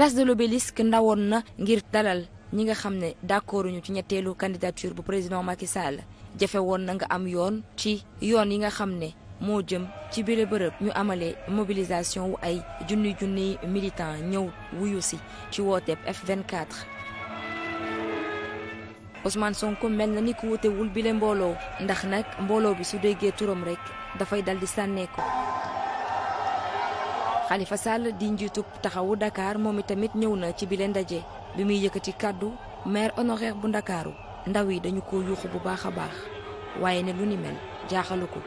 place de l'obélisque ndawoon na ngir dalal ñi nga xam ne d'accorduñu ci ñetteelu candidature bu président Macky Sall jafe woon na nga am yoon ci yoon yi nga xam ne moo jëm ci bile bërëb ñu amale mobilisation wu ay junni junni militant ñëw wuyu si ci wooteeb F24. Ousmane Sonko mel na ni ku wutewul bile mbooloo ndax nag mbooloo bi su déggee turam rek dafay dal di sànnee ko Khalifa Sall di njiitu taxawu Dakar moom itamit ñëw na ci bile ndaje bi muy yëkkati kàddu maire honoraire bu ndakaaru ndaw yi dañu ko yuuxu bu baax a baax waaye ne lu ni mel jaaxalu ko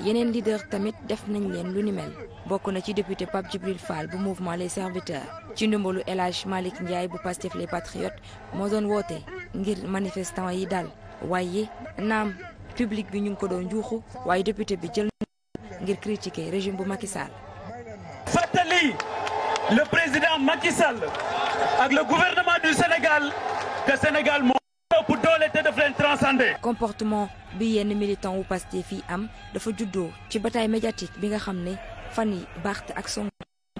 yeneen leader tamit def nañ leen lu ni mel bokk na ci député Pape Djibril Fall bu mouvement les serviteurs ci ndimbalu El Hadj Malick Ndiaye bu Pastef les patriotes moo doon woote ngir manifestant yi dal waaye naam public bi ñu ngi ko doon juuxu waaye député bi jël ngir critiquer régime bu Macky Sall. comportement bi yenn militant wu Pastef yi am dafa juddoo ci bataay médiatique bi nga xam ne fan yi Barth ak Sonko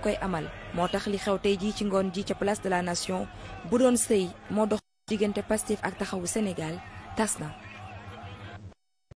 koy amal moo tax li xew tey jii ci ngoon ji ca place de la nation bu doon sëy moo dox diggante Pastef ak taxawu senegal tas na.